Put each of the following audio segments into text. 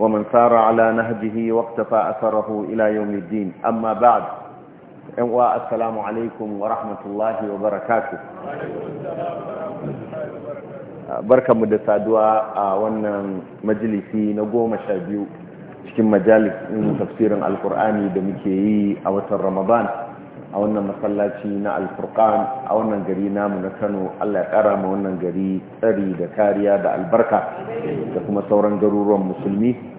ومن سار على نهجه واقتفى أثره إلى يوم الدين أما بعد السلام عليكم ورحمة الله وبركاته barka mu da saduwa a wannan majalisi na goma sha biyu cikin majalisin tafsirin alkur'ani da muke yi a watan ramadan a wannan masallaci na alfurkan a wannan gari namu na kano allah ya kara ma wannan gari tsari da kariya da albarka da kuma sauran garuruwan musulmi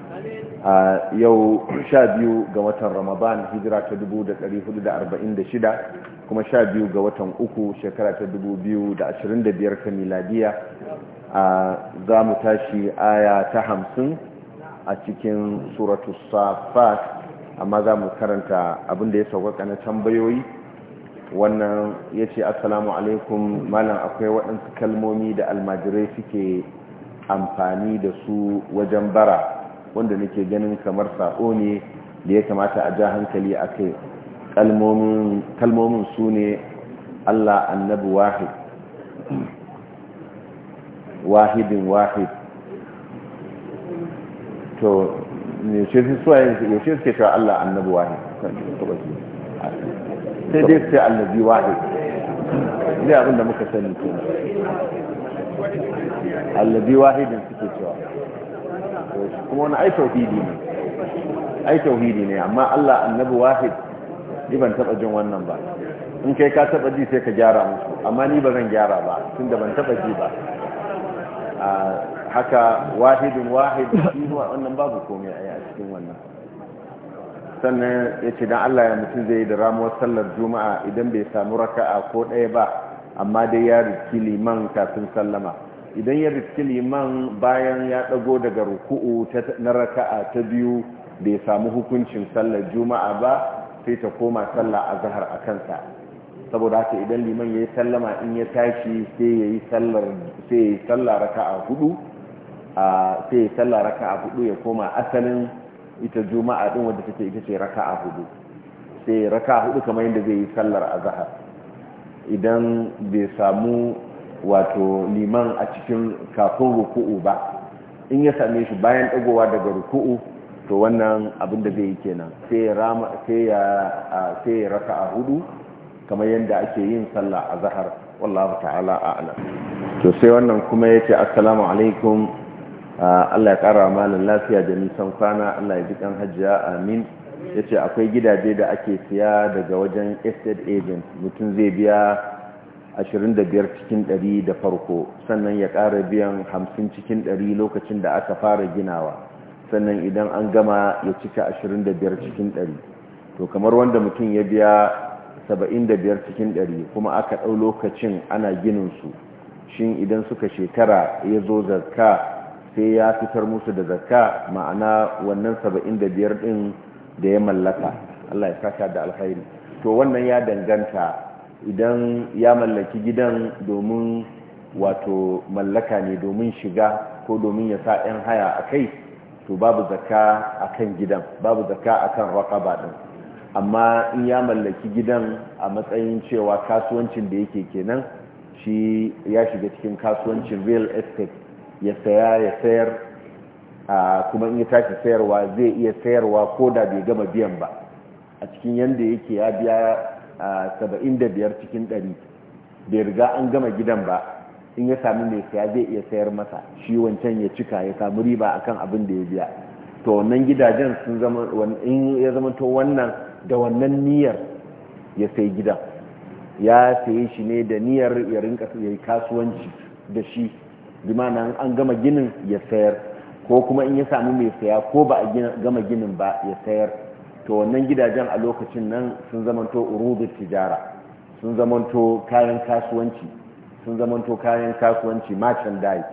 a yau sha biyu ga watan ramadan hijira ta shida kuma sha biyu ga watan uku shekara ta biyar ta miladiya a za mu tashi aya ta hamsin a cikin suratu safat amma za mu karanta abinda ya sauƙaƙa na tambayoyi wannan ya ce assalamu alaikum malam akwai waɗansu kalmomi da almajirai suke amfani da su wajen bara wanda nake ganin kamar sako ne da ya kamata a ja hankali a kai kalmomin su ne Allah annabi wahid wahidin wahid to yaushe suke cewa Allah annabi wahid sai dai sai annabi wahid ne abinda muka sani ke annabi wahidin suke cewa kuma wani ai tauhidi ne ai tauhidi ne amma Allah annabi wahid ni ban taba jin wannan ba in kai ka taba ji sai ka gyara musu amma ni ba zan gyara ba tun da ban taba ji ba haka wahidun wahid shi wannan babu komai a cikin wannan sannan ya ce don Allah ya mutum zai yi da ramuwar sallar juma'a idan bai samu raka'a ko ɗaya ba amma dai ya riki liman kafin sallama idan ya riski liman bayan ya dago daga ruku'u na raka'a ta biyu bai samu hukuncin sallar juma'a ba sai ta koma sallah zahar a kansa saboda haka idan liman ya yi sallama in ya tashi sai ya yi sallar raka'a hudu a sai yi sallar raka'a hudu ya koma asalin ita juma'a din wanda take ita ce raka'a hudu sai raka'a hudu kamar yadda zai yi sallar zahar idan bai samu wato liman a cikin kafin ruku'u ba in ya same shi bayan dagowa daga ruku'u to wannan abin da zai yi kenan sai rama sai ya sai ya raka a hudu kamar yadda ake yin sallah a zahar wallahu ta'ala a'lam to sai wannan kuma yace assalamu alaikum Allah ya kara malan lafiya da nisan kwana Allah ya ji kan hajjia amin yace akwai gidaje da ake siya daga wajen estate agent mutum zai biya 25 cikin 100 da farko sannan ya ƙara biyan 50 cikin 100 lokacin da aka fara ginawa sannan idan an gama ya cika 25 cikin 100 to kamar wanda mutum ya biya 75 cikin 100 kuma aka ɗau lokacin ana ginin su shin idan suka shekara ya zo zarka sai ya fitar musu da zarka ma'ana wannan 75 ɗin da ya mallaka Allah ya saka da alkhairi to wannan ya danganta idan ya mallaki gidan domin wato mallaka ne domin shiga ko domin ya sa 'yan haya a kai to babu zaka a kan gidan babu zaka a kan ba ɗin amma in ya mallaki gidan a matsayin cewa kasuwancin da yake kenan shi ya shiga cikin kasuwancin real estate ya saya ya sayar kuma in ya tashi sayarwa zai iya sayarwa ko da bai gama biyan ba a cikin yadda yake ya biya saba'in da biyar cikin ɗari bai riga an gama gidan ba in ya sami mai saya zai iya sayar masa shi wancan ya cika ya samu riba akan abin da ya biya to wannan gidajen sun zama in ya zama to wannan da wannan niyyar ya sai gidan ya sayi shi ne da niyar ya rinka ya yi kasuwanci da shi bimanan an gama ginin ya sayar ko kuma in ya sami mai saya ko ba a gama ginin ba ya sayar to wannan gidajen a lokacin nan sun zamanto urudut tijara sun zamanto kayan kasuwanci sun zamanto kayan kasuwanci dai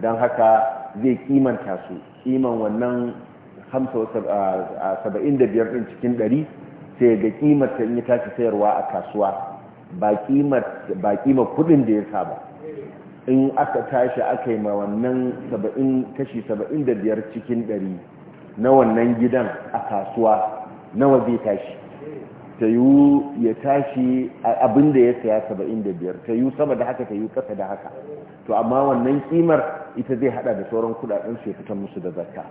don haka zai kimanta su kiman wannan 75 din cikin 100 sai ga kimar ta in ya tashi sayarwa a kasuwa ba kimar kudin da ya saba in aka tashi aka yi ma wannan kashi 75 cikin 100 na wannan gidan a kasuwa nawa zai tashi ta yi ya tashi abin da ya saya saba'in da biyar ta yiwu sama da haka ta yiwu kasa da haka to amma wannan kimar ita zai hada da sauran kudaden su ya fitar musu da zakka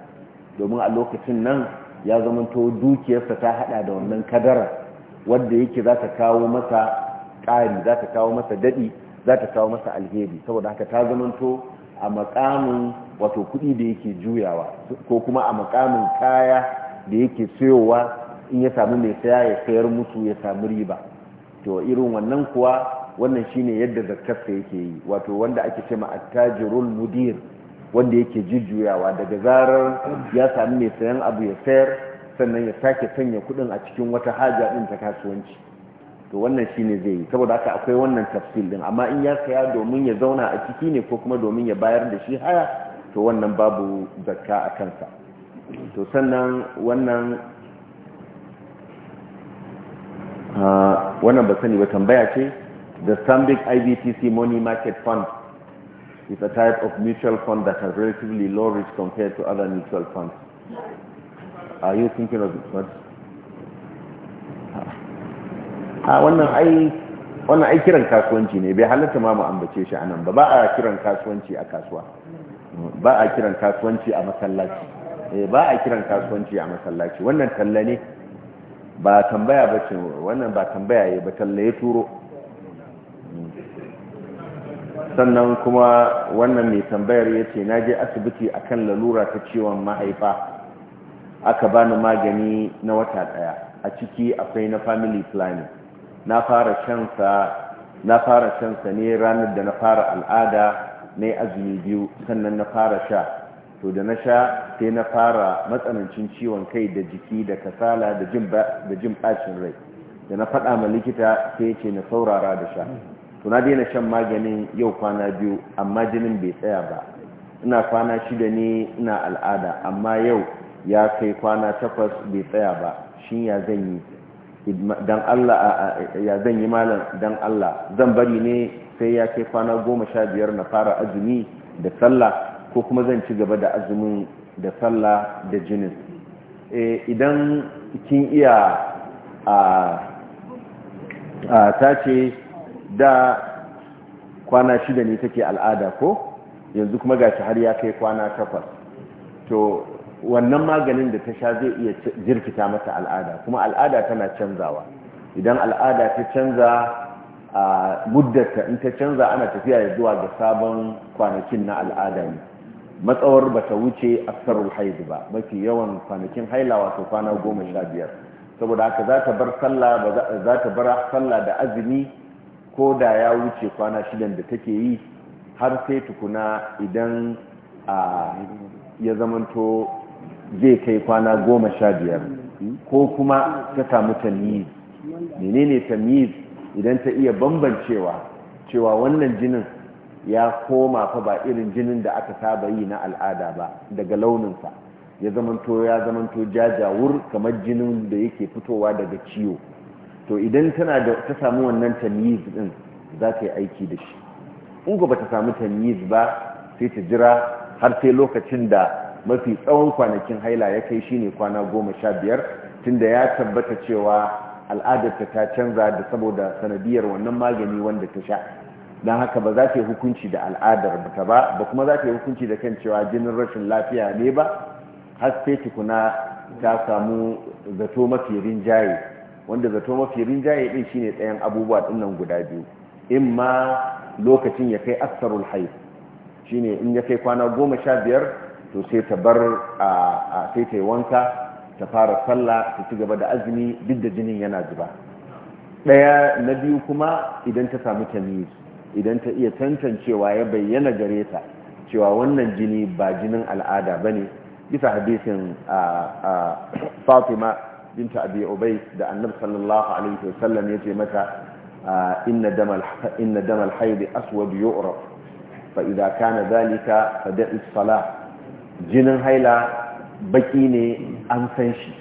domin a lokacin nan ya zamanto dukiyarsa ta hada da wannan kadara wadda yake za ta kawo masa ƙari za ta kawo masa daɗi za ta kawo masa alheri saboda haka ta zamanto a makamin wato kuɗi da yake juyawa ko kuma a makamin kaya da yake sayowa in ya samu mai saya ya sayar musu ya samu riba to irin wannan kuwa wannan shine yadda sa yake yi wato wanda ake ce ma attajirul mudir wanda yake jujjuyawa daga zarar ya sami mai sayan abu ya sayar sannan ya sake sanya kudin a cikin wata haja din ta kasuwanci to wannan shine zai yi saboda haka akwai wannan tafsil din amma in ya saya domin ya zauna a ciki ne ko kuma domin ya bayar da shi haya to wannan babu zakka a kansa to sannan wannan wannan ba sani ba tambaya ce the stanbic ibtc money market fund is a type of mutual fund that has relatively low risk compared to other mutual funds are you thinking of it what a wannan ai kiran kasuwanci ne bai halatta ma mu ambace shi anan ba ba a kiran kasuwanci a kasuwa ba a kiran kasuwanci a masallaci eh, ba a kiran kasuwanci a masallaci wannan talla ne ba tambaya ba ce wannan ba tambaya ba talla ya turo sannan kuma wannan mai tambayar ya ce na je asibiti a kan lalura ta ciwon mahaifa aka bani magani na wata daya a ciki akwai na family planning na fara shansa na fara shansa ne ranar da na fara al'ada na yi azumi biyu sannan na fara sha to da na sha sai na fara matsanancin ciwon kai da jiki da kasala da jin bacin rai da na faɗa ma likita sai ce na saurara da sha to na daina shan maganin yau kwana biyu amma jinin bai tsaya ba ina kwana shida ne ina al'ada amma yau ya kai kwana takwas bai tsaya ba shin ya zan yi dan Allah ya zan yi malam dan Allah zan bari ne sai ya kai kwana goma sha biyar na fara azumi da sallah ko kuma zan ci gaba da azumin da sallah da jinin eh, idan kin iya a ta ce da kwana shida ne take al'ada ko yanzu kuma gashi har ya kai kwana takwas to wannan maganin da ta sha zai iya jirkita mata al'ada kuma al'ada tana canzawa idan al'ada ta canza a muddata in ta canza ana tafiya zuwa ga sabon kwanakin na al'ada ne matsawar ba ta wuce aksarul haidu ba mafi yawan kwanakin haila wato kwana goma sha biyar saboda haka za ta bar sallah za ta bar sallah da azumi ko da ya wuce kwana shidan da take yi har sai tukuna idan ya zamanto zai kai kwana goma sha biyar ko kuma ta samu tamiz menene tamiz idan ta iya bambancewa cewa wannan jinin ya koma fa ba irin jinin da aka saba yi na al'ada ba daga launinsa ya zamanto ya zamanto jajawur kamar jinin da yake fitowa daga ciwo to idan tana da ta samu wannan tamyiz din za ta yi aiki da shi in ba ta samu tamyiz ba sai ta jira har sai lokacin da mafi tsawon kwanakin haila ya kai shine kwana goma sha biyar tunda ya tabbata cewa al'adarta ta canza da saboda sanadiyar wannan magani wanda ta sha don haka ba za ta yi hukunci da al'adar ta ba ba kuma za ta yi hukunci da kan cewa jinin rashin lafiya ne ba har sai tukuna ta samu zato mafi rinjaye wanda zato mafi rinjaye din shine tsayan abubuwa dinnan guda biyu in ma lokacin ya kai aksarul haif shine in ya kai kwana goma sha biyar to sai ta bar a sai ta yi wanka ta fara sallah ta ci gaba da azumi duk da jinin yana zuba ɗaya na biyu kuma idan ta samu tamiz idan ta iya tantancewa ya bayyana gare ta cewa wannan jini ba jinin al'ada ba ne bisa hadisin fatima binta abi da annabi sallallahu alaihi wasallam ya mata inna damal haidi aswad yu'raf fa idza kana zalika fada'i salah jinin haila baki ne an san shi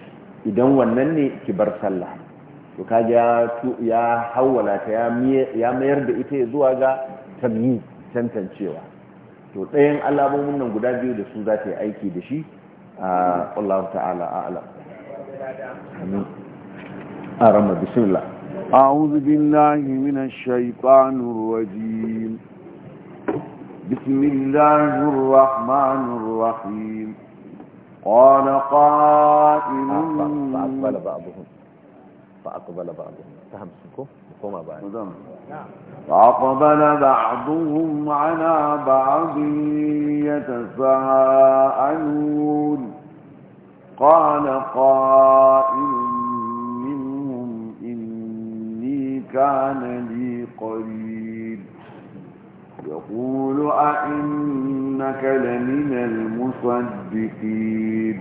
idan wannan ne ki bar sallah to kaga ya ya hawwala ta ya mayar da ita ya zuwa ga tamyiz tantancewa to ɗayan alamomin nan guda biyu da su za ta yi aiki da shi a Allah ta'ala a'lam amin a ramar bismillah أعوذ بالله a الشيطان الرجيم بسم الله الرحمن الرحيم قال فأقبل بعضهم فهمتكم بعضهم نعم فأقبل بعضهم على بعض يتساءلون قال قائل منهم إني كان لي قريب يقول أئنك لمن المصدقين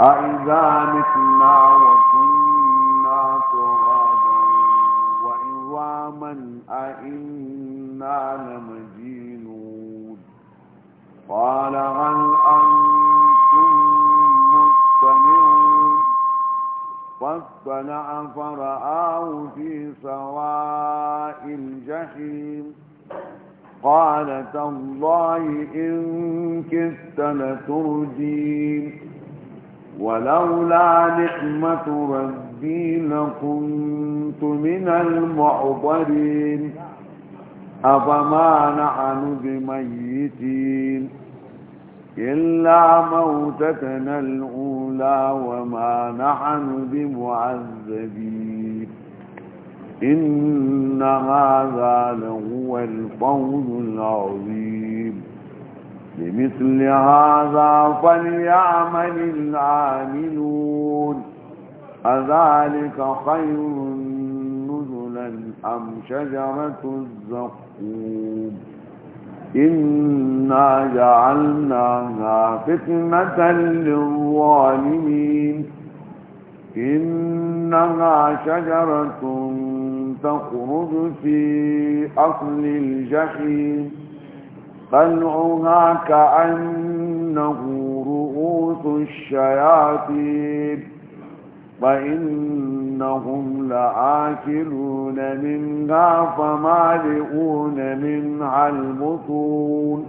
أئذا متنا وكنا من أئنا لمدينون قال هل أنتم مستمعون فاطلع فرآه في سواء الجحيم قال تالله إن كدت لترجين ولولا نعمة ربي لكنت من المعبرين أفما نحن بميتين إلا موتتنا الأولى وما نحن بمعذبين إن هذا لهو القول العظيم لمثل هذا فليعمل العاملون أذلك خير نزلا أم شجرة الزقوم إنا جعلناها فتنة للظالمين إنها شجرة تخرج في أصل الجحيم طلعها كأنه رؤوس الشياطين وإنهم لآكلون منها فمالئون منها البطون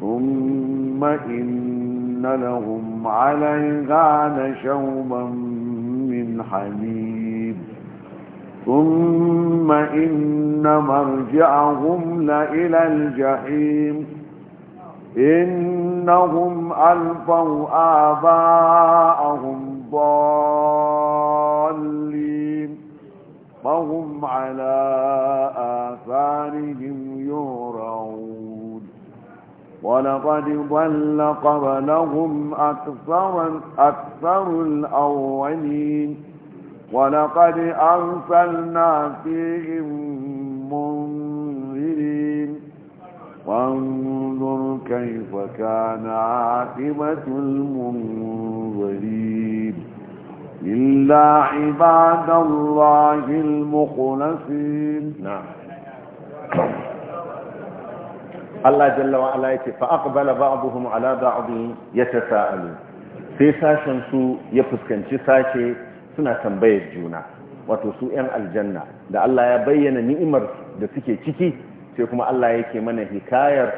ثم إن لهم عليها لشوبا من حميم ثم إن مرجعهم لإلى الجحيم إنهم ألفوا آباءهم ضالين فهم على آثارهم يهرعون ولقد ضل قبلهم أكثر, أكثر الأولين ولقد أرسلنا فيهم منذرين وانظر كيف كان عاقبة المنذرين إلا عباد الله المخلصين Allah jalla wa ala yake fa aqbala ba'dhum ala ba'd yatasa'alu sai sashen su ya fuskanci sake suna tambayar juna wato su 'yan aljanna da Allah ya bayyana ni'imar da suke ciki sai kuma Allah yake mana hikayar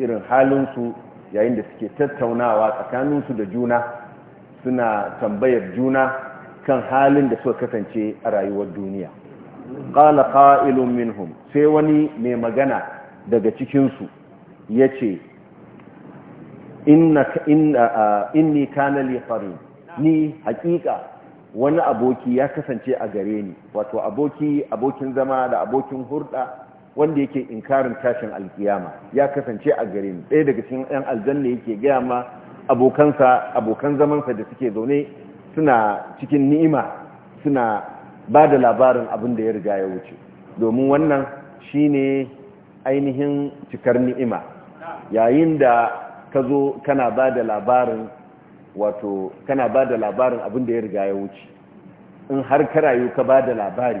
irin halinsu yayin da suke tattaunawa tsakanin su da juna suna tambayar juna kan halin da suka kasance a rayuwar duniya qala qa'ilun minhum sai wani mai magana daga cikinsu ya ce inni kana li ni hakika wani aboki ya kasance a gare ni wato aboki abokin zama da abokin hurda wanda yake inkarin tashin alkiyama ya kasance a gare ni ɗaya daga cikin ɗan aljanna yake gaya ma abokansa abokan zamansa da suke zaune suna cikin ni'ima suna ba da labarin abin da ya riga ya wuce domin wannan shine ainihin cikar ni'ima yayin da ka zo kana ba da labarin wato kana ba da labarin abin da ya riga ya wuce in har ka rayu ka ba da labari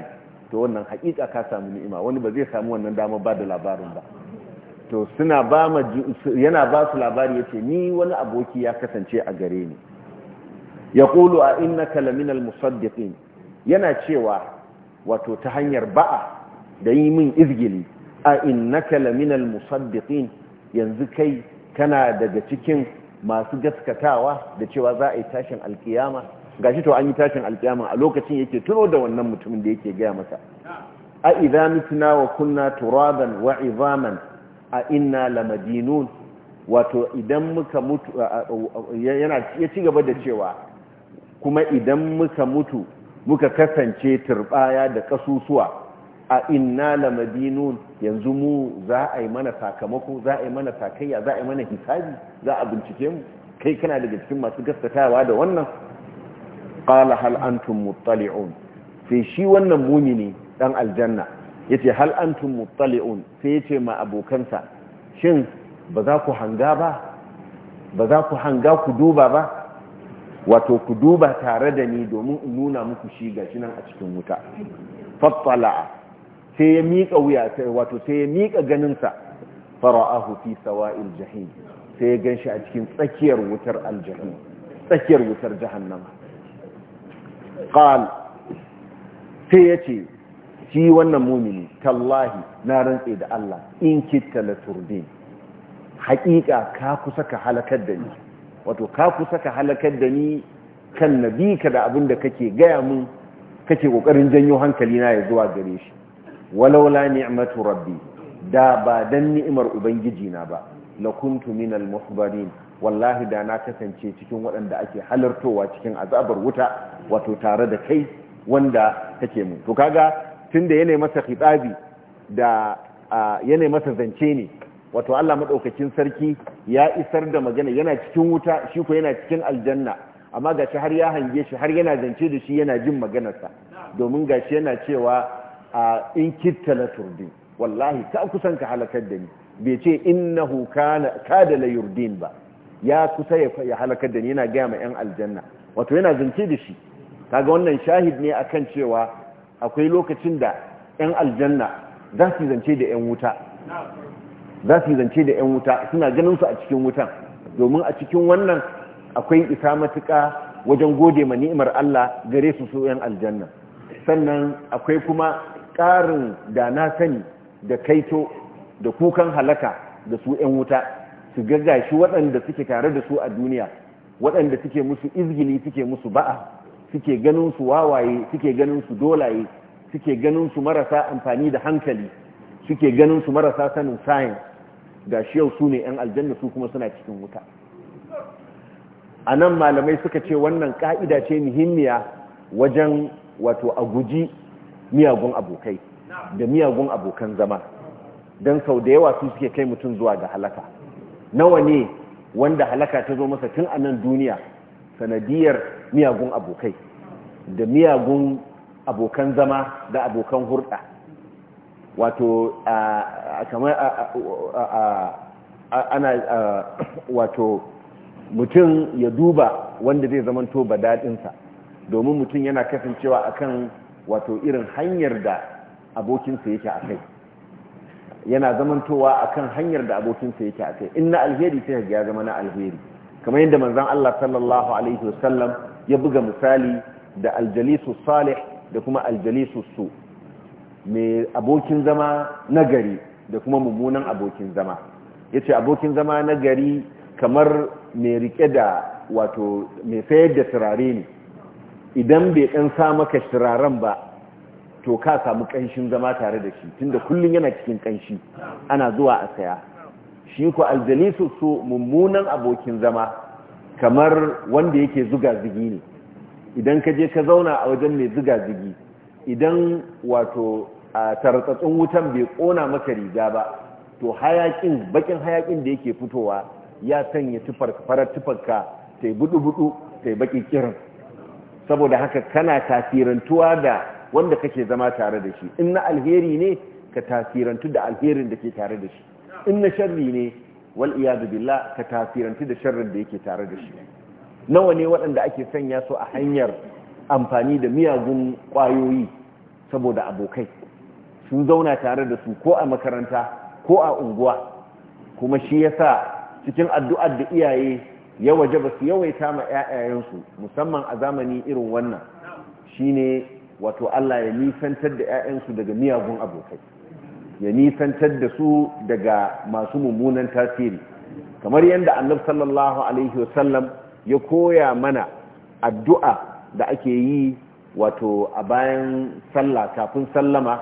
to wannan hakika ka samu ni'ima wani ba zai samu wannan dama ba da labarin ba to suna ba ma yana ba su labari yace ni wani aboki ya kasance a gare ni yaqulu a innaka laminal musaddiqin yana cewa wato ta hanyar ba'a da yi min izgili a innaka laminal musaddiqin yanzu kai kana daga cikin masu gaskatawa da cewa za a yi tashin alkiyama ga shi to an yi tashin alkiyama a lokacin yake tuno da wannan mutumin da yake gaya masa a idza wa kunna turaban wa izaman a inna lamadinun wato idan muka mutu yana ya ci gaba da cewa kuma idan muka mutu muka kasance turbaya da kasusuwa a inna la madinun yanzu mu za a yi mana sakamako za a yi mana takayya za a yi mana hisabi za a bincike mu kai kana daga cikin masu gaskatawa da wannan qala hal antum muttali'un sai shi wannan mumini dan aljanna yace hal antum muttali'un sai yace ma abokansa shin ba za ku hanga ba ba za ku hanga ku duba ba wato ku duba tare da ni domin in nuna muku shi gashi nan a cikin wuta fattala'a sai ya miƙa wuya wato sai ya miƙa ganinsa fara'ahu fi sawa'il jahim sai ya ganshi a cikin tsakiyar wutar aljahim tsakiyar wutar jahannama qal sai yace shi wannan mumini tallahi na rantse da Allah in kitta la turdin haƙiƙa ka kusa ka halakar da ni wato ka kusa ka halakar da ni kan nabi ka da abin da kake gaya mun kake kokarin janyo hankali na ya zuwa gare shi walaula ni'matu rabbi da ba dan ni'imar ubangiji na ba lakuntu minal muhbarin wallahi da na kasance cikin waɗanda ake halartowa cikin azabar wuta wato tare da kai wanda take mu to kaga tunda yana masa khitabi da yana masa zance ne wato Allah madaukakin sarki ya isar da magana yana cikin wuta shi ko yana cikin aljanna amma gashi har ya hange shi har yana zance da shi yana jin maganarsa domin gashi yana cewa a in kitta la turdi wallahi ka kusan ka halakar da ni bai ce innahu kana kada la yurdin ba ya kusa ya halakar da ni yana gaya ma yan aljanna wato yana zance da shi kaga wannan shahid ne akan cewa akwai lokacin da yan aljanna za su zance da yan wuta za su zance da yan wuta suna ganin su a cikin wutan domin a cikin wannan akwai isa matuƙa wajen gode ma ni'imar Allah gare su su yan aljanna sannan akwai kuma ƙarin da na sani da kaito da kukan halaka da su 'yan wuta su gaggashi waɗanda suke tare da su a duniya waɗanda suke musu izgili suke musu ba'a suke ganin su wawaye suke ganin su dolaye suke ganin su marasa amfani da hankali suke ganin su marasa sanin science ga shi yau su ne 'yan aljanna su kuma suna cikin wuta a nan malamai suka ce wannan ka'ida ce muhimmiya wajen wato a guji miyagun abokai da miyagun abokan zama don sau da yawa su suke kai mutum zuwa ga halaka nawa ne wanda halaka ta zo masa tun anan duniya sanadiyar miyagun abokai da miyagun abokan zama da abokan hurɗa wato kamar ana wato mutum ya duba wanda zai zamanto ba daɗinsa domin mutum yana kasancewa akan wato irin hanyar da abokinsa yake a kai yana zamantowa a kan hanyar da abokinsa yake a kai in na alheri sai ya zama na alheri kamar yadda manzan Allah sallallahu alaihi wasallam ya buga misali da aljalisu salih da kuma aljalisu su mai abokin zama nagari da kuma mummunan abokin zama yace abokin zama nagari kamar mai rike da wato mai sayar da turare ne idan bai ɗan sa maka shiraren ba to ka samu ƙanshin zama tare da shi tunda kullum yana cikin ƙanshi ana zuwa a saya shi ku aljalisu su mummunan abokin zama kamar wanda yake zuga zigi ne idan ka je ka zauna a wajen mai zuga zigi idan wato a tartsatsun wutan bai ƙona maka riga ba to hayakin bakin hayakin da yake fitowa ya sanya farar tufarka ta yi budu-budu ta yi baki kirin saboda haka kana tasirantuwa da wanda kake zama tare da shi in alheri ne ka tasirantu da alherin da ke tare da shi in na sharri ne wal iyadu billah ka tasirantu da sharrin da yake tare da shi nawa ne waɗanda ake sanya su a hanyar amfani da miyagun ƙwayoyi saboda abokai sun zauna tare da su ko a makaranta ko a unguwa kuma shi yasa cikin addu'ar da iyaye ya waje ba su yawaita ma 'ya'yayensu musamman a zamani irin wannan shi ne wato Allah ya nisantar da 'ya'yansu daga miyagun abokai ya nisantar da su daga masu mummunan tasiri kamar yadda annab sallallahu alaihi wasallam ya koya mana addu'a da ake yi wato a bayan sallah kafin sallama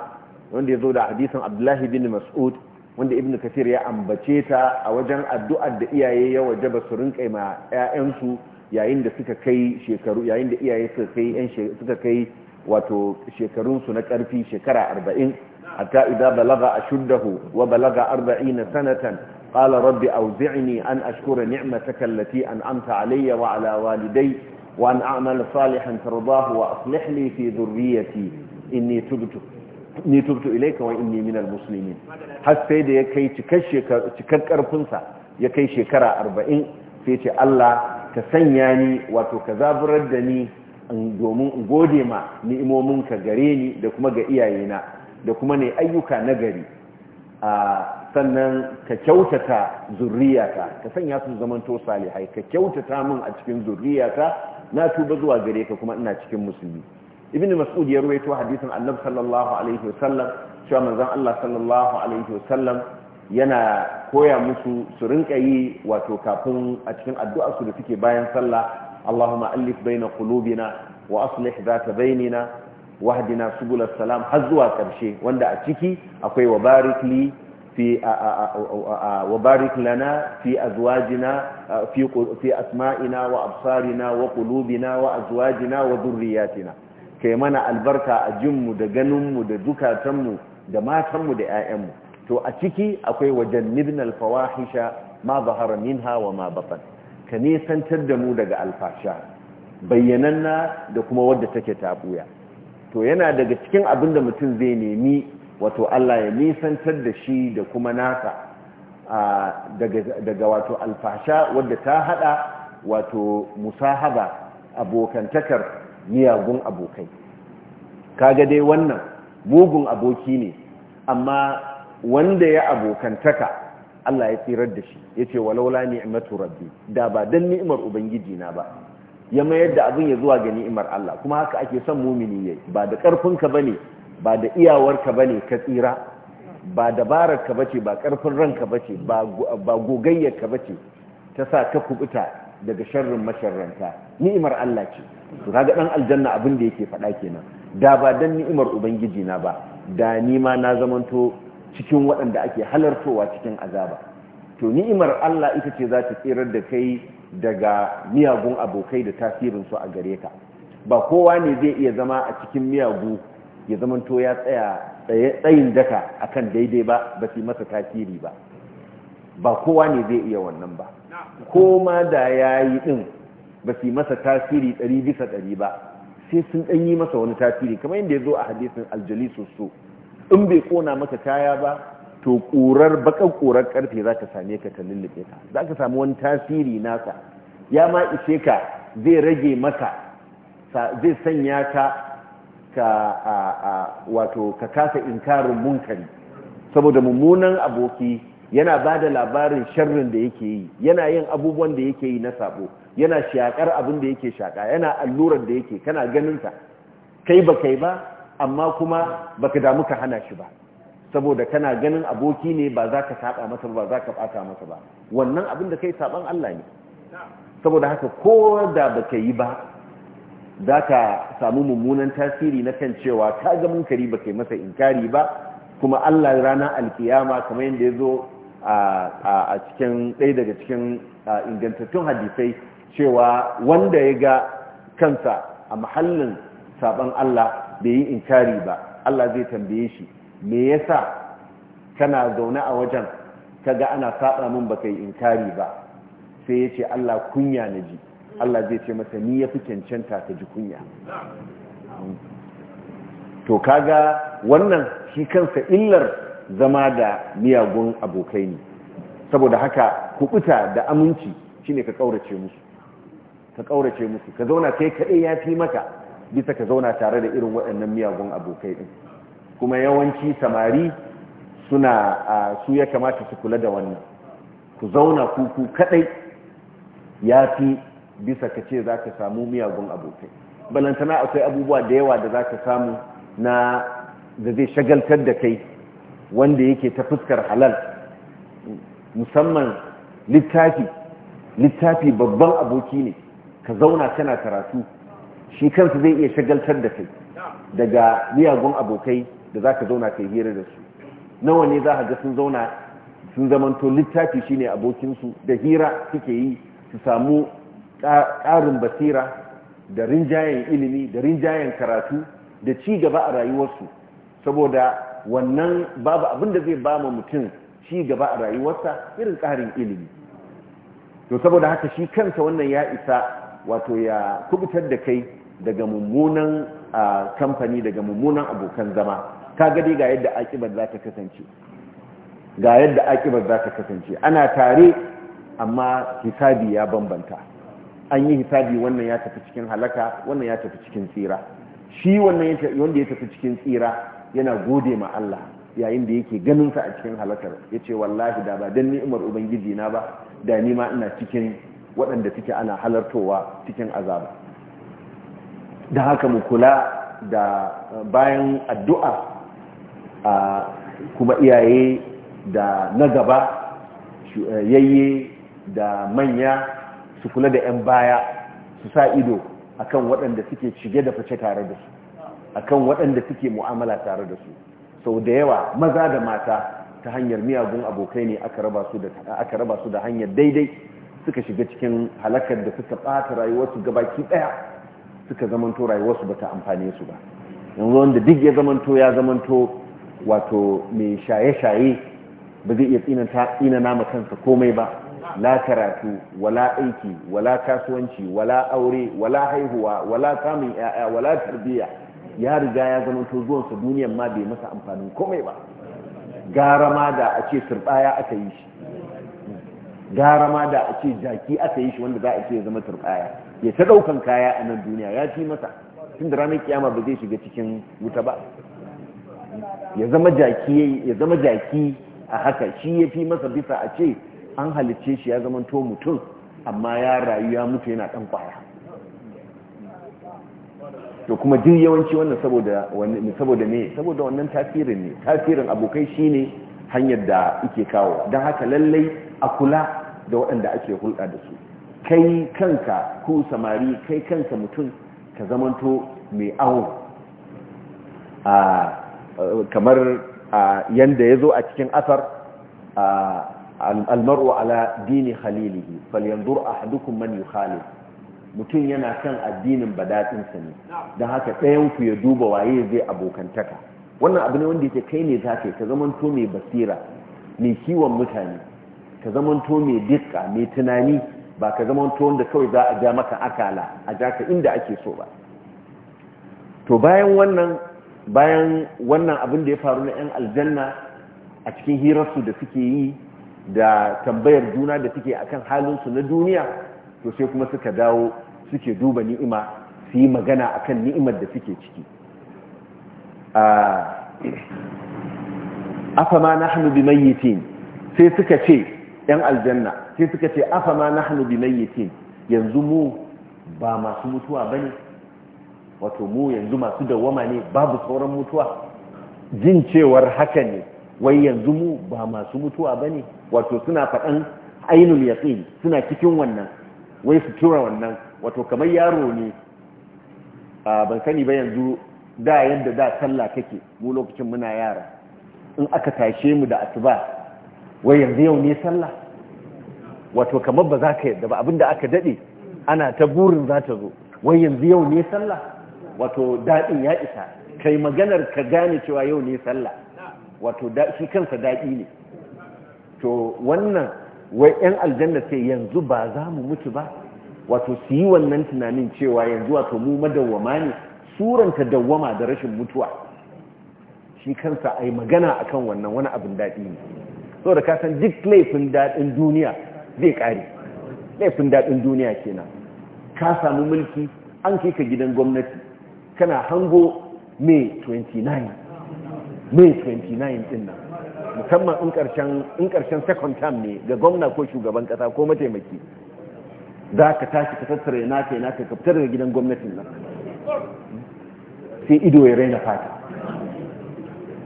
wanda ya zo da hadisan abdullahi bin mas'ud wanda ibn kathir ya ambace ta a wajen addu'ar da iyaye ya wajaba su rinkai ma 'ya'yansu yayin da suka kai shekaru yayin da iyaye suka kai yan suka kai wato shekarun su na karfi shekara 40 hatta idza balaga ashuddahu wa balaga 40 sanatan qala rabbi awzi'ni an ashkura ni'mataka allati an'amta alayya wa ala walidayya wa an a'mala salihan tardahu wa aslih li fi dhurriyyati inni tubtu ni tubtu ilayka wa inni minal muslimin har sai da ya kai cikar shekara cikar karfin sa ya kai shekara 40 sai ce Allah ka sanya ni wato ka zaburar da ni domin in gode ma ni'imomin ka gare ni da kuma ga iyayena da kuma ne ayyuka na gari a sannan ka kyautata zurriyata ka sanya su zamanto salihai ka kyautata min a cikin zurriyata na tuba zuwa gare ka kuma ina cikin musulmi ibn mas'ud ya ruwaito hadisin annabi sallallahu alaihi wasallam cewa manzon Allah sallallahu alaihi yana koya musu su rinka yi wato kafin a cikin addu'a su da suke bayan sallah Allahumma ma'allif baina qulubina wa aslih zata bainina wahdina subul salam har zuwa karshe wanda a ciki akwai wa barik li fi wa barik lana fi azwajina fi fi asma'ina wa absarina wa qulubina wa azwajina wa dhurriyyatina kai mana albarka a jinmu da ganinmu da dukatanmu da matanmu da 'ya'yanmu to a ciki akwai wajen nibnal fawahisha ma zahara minha wa ma batan ka nisantar da mu daga alfasha bayyananna da kuma wadda take tabuya to yana daga cikin abin da mutum zai nemi wato Allah ya nisantar da shi da kuma nasa daga wato alfasha wadda ta hada wato musahaba abokantakar miyagun abokai kaga dai wannan mugun aboki ne amma wanda ya abokantaka Allah ya tsirar da shi ya ce walaula ni'matu rabbi da ba dan ni'imar ubangiji na ba ya mayar da abin ya zuwa ga ni'imar Allah kuma haka ake son mumini yayi ba da karfinka bane ba da iyawarka bane ka tsira ba dabararka bace ba karfin ranka bace ba ka bace ta sa ka kubuta daga sharrin masharranta ni'imar Allah ce to kaga dan aljanna abin da yake faɗa kenan da ba dan ni'imar ubangiji na ba da ni ma na zamanto cikin waɗanda ake halartowa cikin azaba to ni'imar Allah ita ce za ta tsirar da kai daga miyagun abokai da tasirin su a gare ka ba kowa ne zai iya zama a cikin miyagu ya zamanto ya tsaya tsayin daka akan daidai ba ba su masa tasiri ba ba kowa ne zai iya wannan ba ko ma da ya yi ɗin ba su yi masa tasiri ɗari bisa ɗari ba sai sun ɗan yi masa wani tasiri kamar yadda ya zo a hadisin aljali so in bai kona maka kaya ba to ƙurar baƙar ƙurar ƙarfe za ka same ka ta lullube ka za ka samu wani tasiri nasa ya ma ishe ka zai rage maka zai sanya ka ka a, wato ka kasa inkarin munkari saboda mummunan aboki yana ba da labarin sharrin da yake yi yana yin abubuwan da yake yi na sabo yana shakar abin da yake shaka yana allurar da yake kana ganin sa kai ba kai ba amma kuma baka damu ka hana shi ba saboda kana ganin aboki ne ba za ka saba masa ba za ka bata masa ba wannan abin da kai saban Allah ne saboda haka ko da baka yi ba za ka samu mummunan tasiri na kan cewa ka ga kari ba yi masa inkari ba kuma Allah rana alkiyama kamar yadda ya zo a cikin ɗaya daga cikin ingantattun hadisai cewa wanda ya ga kansa a mahallin saban Allah bai yi inkari ba Allah zai tambaye shi me yasa kana zaune a wajen Ka ga ana saɓa min baka yi inkari ba sai ya ce Allah kunya na ji Allah zai ce masa ni ya fi cancanta ka ji kunya to kaga wannan shi kansa illar zama da miyagun abokai ne saboda haka kubuta da aminci shine ka kaurace musu ka ƙaurace musu ka zauna kai kaɗai yafi maka bisa ka zauna tare da irin waɗannan miyagun abokai ɗin kuma yawanci samari suna su ya kamata su kula da wannan ku zauna kuku kaɗai yafi bisa ka ce za ka samu miyagun abokai balantana akwai abubuwa da yawa da za ka samu na da zai shagaltar da kai wanda yake ta fuskar halal musamman littafi littafi babban aboki ne ka zauna kana karatu shi kansu zai iya shagaltar da kai daga miyagun abokai da za ka zauna kai hira da su nawa ne za a ga sun zauna sun zamanto littafi shine abokinsu da hira suke yi su samu ƙarin basira da rinjayen ilimi da rinjayen karatu da ci gaba a rayuwarsu saboda wannan babu abin da zai ba ma mutum shi gaba a rayuwarsa irin ƙarin ilimi to saboda haka shi kansa wannan ya isa wato ya kubutar da kai daga mummunan kamfani daga mummunan abokan zama ka gade ga yadda akibar za ta kasance ga yadda akibar za ta kasance ana tare amma hisabi ya bambanta an yi hisabi wannan ya tafi cikin halaka wannan ya tafi cikin tsira shi wannan wanda ya tafi cikin tsira yana gode ma Allah yayin da yake ganinsa a cikin halakar yace wallahi da ba dan ni'imar ubangiji na ba da ni ma ina cikin waɗanda suke ana halartowa cikin azaba da haka mu kula da uh, bayan addu'a kuma iyaye da na gaba uh, yayye da manya su kula da 'yan baya su sa ido akan waɗanda suke shige da fice tare da su akan waɗanda suke mu'amala tare da su sau da yawa maza da mata ta hanyar miyagun abokai ne aka raba su da hanyar daidai suka shiga cikin halakar da suka ɓata rayuwarsu gabaki ɗaya suka zamanto rayuwarsu ba ta amfane su ba yanzu wanda duk ya zamanto ya zamanto wato mai shaye-shaye ba zai iya tsina nama kansa komai ba la karatu wala aiki wala kasuwanci wala aure wala haihuwa wala samun 'ya'ya wala tarbiyya ya riga ya zama to su duniyan ma bai masa amfanin komai ba gara ma da a ce turbaya aka yi shi gara ma da a ce jaki aka yi shi wanda za a ce ya zama turbaya ya ta daukan kaya a nan duniya ya fi masa tun da ranar kiyama ba zai shiga cikin wuta ba ya zama jaki ya zama jaki a haka shi ya fi masa bisa a ce an halicce shi ya zama to mutum amma ya rayu ya mutu yana ɗan kwaya to kuma duk yawanci wannan saboda saboda ne saboda wannan tasirin ne tasirin abokai shine hanyar da ike kawo dan haka lallai a kula da waɗanda ake hulɗa da su kai kanka ku samari kai kanka mutum ka zamanto mai a kamar yanda ya zo a cikin asar almaru ala dini khalilihi falyanzur ahadukum man yukhalil mutum yana kan addinin daɗinsa ne don haka ɗayanku ya duba waye zai abokantaka wannan abu ne wanda yake kai ne za ka yi ka zamanto mai basira mai kiwon mutane ka zamanto mai dikka mai tunani ba ka zamanto wanda kawai za a ja maka akala a ja ka inda ake so ba to bayan wannan bayan wannan abin da ya faru na 'yan aljanna a cikin hirarsu da suke yi da tambayar juna da suke akan halinsu na duniya to sai kuma suka dawo suke duba ni'ima su yi magana a kan ni'imar da suke ciki afama bi bimayyitin sai suka ce yan aljanna sai suka ce afama bi bimayyitin yanzu mu ba masu mutuwa ba ne? wato mu yanzu masu dawama ne babu sauran mutuwa jin cewar haka ne wai yanzu mu ba masu mutuwa ba ne? wato suna faɗan ainul yaqin suna cikin wannan wai su tura wannan wato kamar yaro ne a ban sani ba yanzu da yadda da sallah take mu lokacin muna yara in aka tashe mu da asuba wai yanzu yau ne sallah wato kamar ba za ka yadda ba abinda aka dade ana ta burin za ta zo wai yanzu yau ne sallah wato daɗin ya isa kai maganar ka gane cewa yau ne sallah wato shi kansa daɗi ne to wannan wai 'yan aljanna sai yanzu ba za mu mutu ba wato su yi wannan tunanin cewa yanzu wato mu madawwama ne suranta dawwama da rashin mutuwa shi kansa ai magana a kan wannan wani abin daɗi ne so da kasan duk laifin daɗin duniya zai ƙare laifin daɗin duniya kenan ka samu mulki an kai ka gidan gwamnati kana hango may 29 may 29 ɗin nan musamman in karshen second term ne ga gwamna ko shugaban kasa ko mataimaki za ka tashi ka tattara ya naka ya naka ka fitar da gidan gwamnatin nan sai ido ya raina fata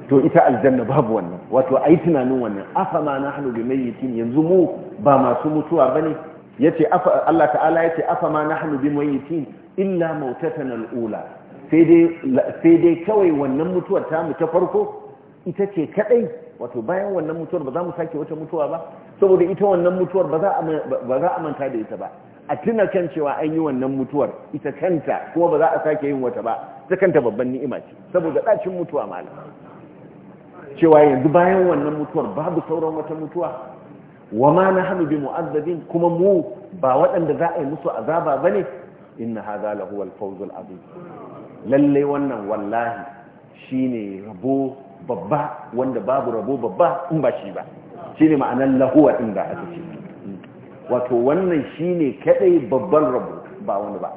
to ita aljanna babu wannan wato a yi tunanin wannan afa ma na hannu bi mayyitin yanzu mu ba masu mutuwa bane yace afa Allah ta'ala yace afa ma na hannu bi mayyitin illa na al'ula sai dai kawai wannan mutuwar ta mu ta farko ita ce kadai wato bayan wannan mutuwar ba za mu sake wata mutuwa ba saboda ita wannan mutuwar ba za a manta da ita ba a tuna kan cewa an yi wannan mutuwar ita kanta kuma ba za a sake yin wata ba ta kanta babban ni'ima ce saboda ɗacin mutuwa malam cewa yanzu bayan wannan mutuwar babu sauran wata mutuwa wa ma nahnu bi mu'azzabin kuma mu ba waɗanda za a yi musu azaba ba ne? inna haza lahu Fawzul fawz Lallai azim lalle wannan wallahi shine rabo babba wanda babu rabo babba in ba shi ba shi ne ma'anar lahuwa in da aka ce wato wannan shi ne kaɗai babban rabo ba wani ba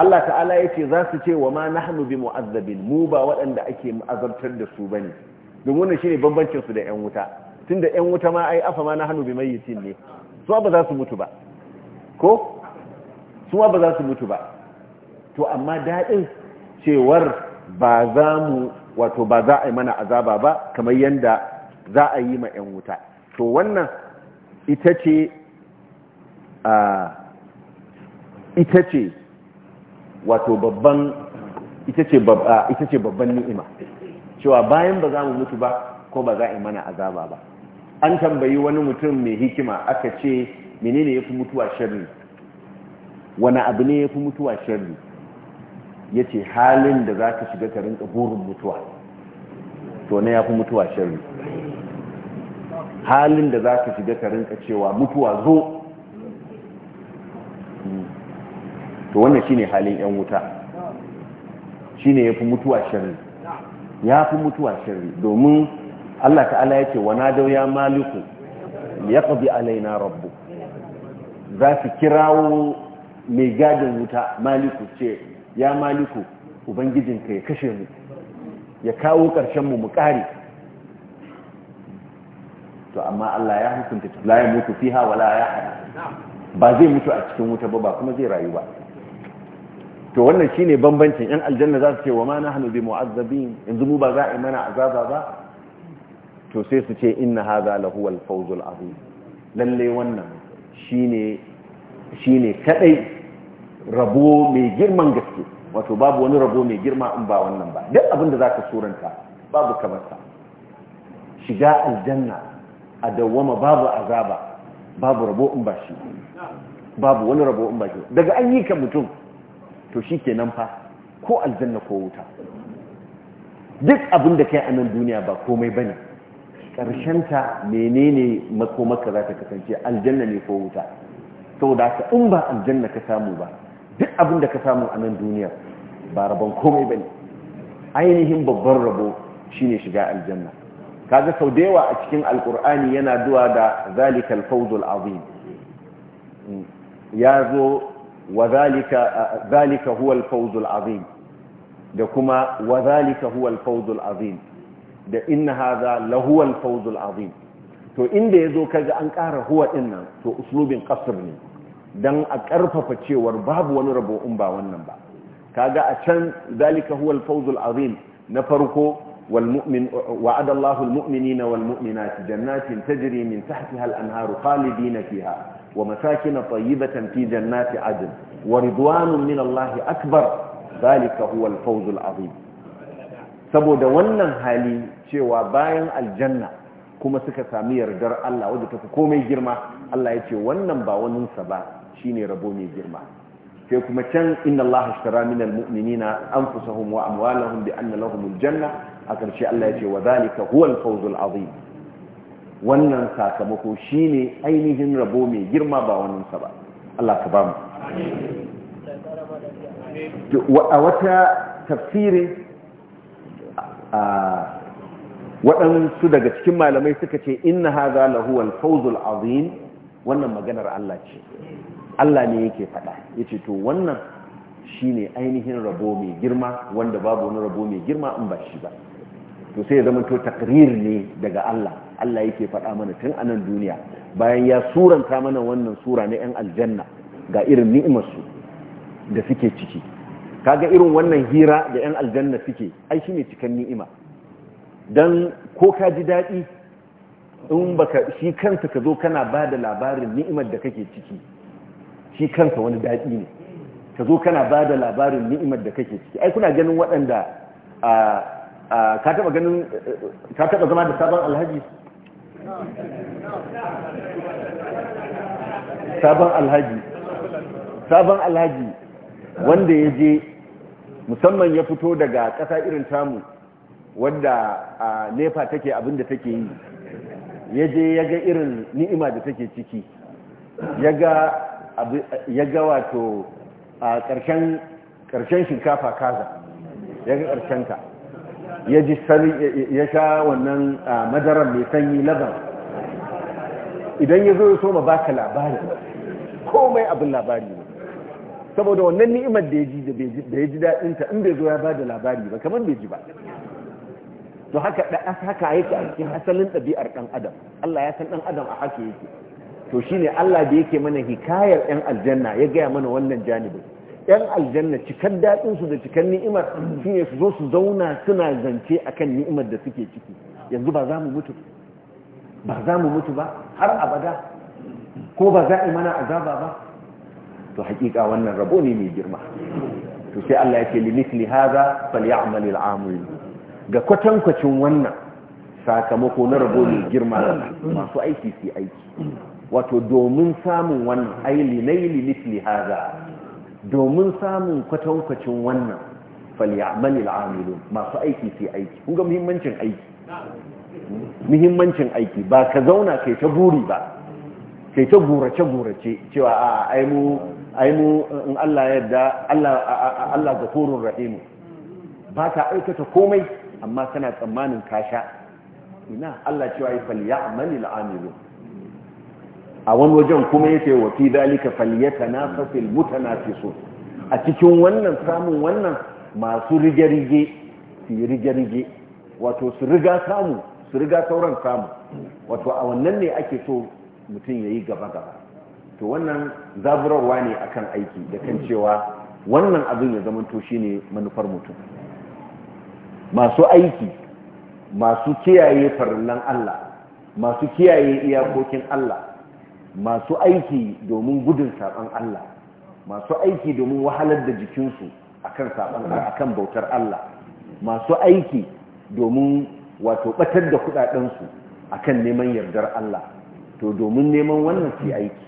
Allah ta'ala ya ce za su ce wa ma hannu bi mu'azzabin mu ba waɗanda ake azabtar da su ba ne domin wannan shine ne bambancinsu da ƴan wuta tun da ƴan wuta ma ai afa ma na hannu bi yi ne su ba za su mutu ba ko su ba za su mutu ba to amma daɗin cewar ba za mu wato ba za a yi mana azaba ba kamar yadda za a yi ma 'yan wuta to wannan ita ce wato babban ita ce babban ni'ima cewa bayan ba za mu mutu ba ko ba za a yi mana azaba ba an tambayi wani mutum mai hikima aka ce menene ya mutuwa sharri wani abu ne yafi fi mutuwa sharri yace halin da zaka shiga ka rinka burin mutuwa to ne ya fi mutuwa shari halin da za ka shiga karinka cewa mutuwa zo to wannan shine halin yan wuta shine ya fi mutuwa shari ya fi mutuwa shari domin allah ta'ala ya ce wana dau ya maliku ya ƙabi alaina rabu za su kirawo mai gadin wuta maliku ce ya maliku ubangijinka ya kashe mu ya kawo ƙarshen mu mu ƙare to amma Allah ya hukunta la ya fi fiha wala ya ba zai mutu a cikin wuta ba kuma zai rayu ba to wannan shine bambancin yan aljanna za su ce wa ma nahnu bi mu'azzabin yanzu mu ba za a yi mana azaba ba to sai su ce in na haza al fawz al azim lalle wannan shine ne kadai rabo mai girman gaske wato babu wani rabo mai girma in ba wannan ba duk abin da zaka suranta babu kamar sa shiga aljanna a dawwama babu azaba babu rabo in ba shi babu wani rabo in ba shi daga an yi ka mutum to nan fa ko aljanna ko wuta duk abin da kai a nan duniya ba komai bane ta menene makomaka za ta kasance aljanna ne ko wuta saboda ka in ba aljanna ka samu ba duk abin da ka samu a nan duniya ba rabon komai bane ainihin babban rabo shine shiga aljanna kaga sau da yawa a cikin alkur'ani yana duwa da zalikal fawzul azim mm. ya zo wa zalika huwa al azim da kuma wa zalika huwa al azim da inna hadha la huwa al azim to inda ya zo kaga an ƙara huwa ɗinnan, nan to uslubin ƙasar ne don a ƙarfafa cewar babu wani rabo in ba wannan ba kaga a can zalika huwa alfawzul azim na farko wal mu'min wa'ada Allahu almu'minina wal mu'minati jannatin tajri min tahtiha al-anharu khalidina fiha wa masakin tayyibatan fi jannati adn wa ridwanun min Allahi akbar zalika huwa alfawzul azim saboda wannan hali cewa bayan aljanna kuma suka sami yardar Allah wadda ta komai girma Allah ya ce wannan ba waninsa ba Shi ne rabo mai girma sai kuma can inna Allah ashtara min almu'minina anfusahum wa amwalahum bi anna lahum janna a ƙarshe Allah ya ce wa zalika huwa Fawzul azim wannan sakamako shi ne ainihin rabo mai girma ba wannan sa ba Allah ka ba mu a wata tafsirin waɗansu daga cikin malamai suka ce inna haza lahu Fawzul azim wannan maganar Allah ce Allah ne yake faɗa ya ce to wannan shine ainihin rabo mai girma wanda babu wani rabo mai girma in ba shi ba to sai ya zama to takrir ne daga Allah Allah yake faɗa mana tun a nan duniya bayan ya suranta mana wannan sura na yan aljanna ga irin ni'imarsu da suke ciki kaga irin wannan hira da yan aljanna suke ai shi ne cikin ni'ima don ko ka ji daɗi in baka shi kansa ka zo kana ba da labarin ni'imar da kake ciki shi kansa wani daɗi ne ka zo kana ba da labarin ni'imar da kake ciki ai kuna ganin waɗanda ka taɓa zama da sabon alhaji sabon alhaji sabon alhaji wanda ya je musamman ya fito daga ƙasa irin tamu wadda a nefa take abinda take yi ya je ya ga irin ni'ima da take ciki ya ga ya ga wato a ƙarshen shinkafa kaza ya ga ƙarshen ya ji ya sha wannan madarar mai sanyi labar idan ya zo ya soma ba ka labari komai abin labari ne saboda wannan ni'imar da ya ji da ya ji daɗinta in bai zo ya ba da labari ba kamar bai ji ba to haka haka yake a cikin asalin ɗabi'ar ɗan adam Allah ya san ɗan adam a haka yake to shi ne Allah da yake mana hikayar 'yan aljanna ya gaya mana wannan janibin 'Yan aljanna cikar daɗinsu da cikar ni'imar ne su zo su zauna suna zance akan ni'imar da suke ciki yanzu ba za mu mutu ba za mu mutu ba har abada ko ba za a mana azaba ba to hakika wannan rabo ne mai girma to sai Allah yake li mithli hadha falyamal al'amil ga kwatankwacin wannan sakamako na rabo mai girma masu aiki su aiki wato domin samun wannan aili laili misli haza domin samun kwatankwacin wannan falyamalil amilu masu aiki sai aiki Kuma muhimmancin aiki muhimmancin aiki ba ka zauna kai ta buri ba kai ta gurace gurace cewa a aimu aimu in Allah ya yarda Allah Allah gafurur rahim ba ka aikata komai amma kana tsammanin kasha ina Allah cewa ai falyamalil amilu a wani wajen kuma ya ya wa fi dalika fi so a cikin wannan samun wannan masu rige-rige su yi rige-rige wato su riga samu su riga sauran samu wato a wannan ne ake so mutum ya yi gaba-gaba to wannan zaburarwa ne akan aiki da kan cewa wannan abin ya zama to shi ne manufar mutum masu aiki masu kiyaye farillan Allah masu kiyaye iyakokin Allah masu aiki domin gudun saban Allah masu aiki domin wahalar da jikinsu akan saban akan bautar Allah masu aiki domin wato batar da kudadensu akan neman yardar Allah to domin neman wannan su aiki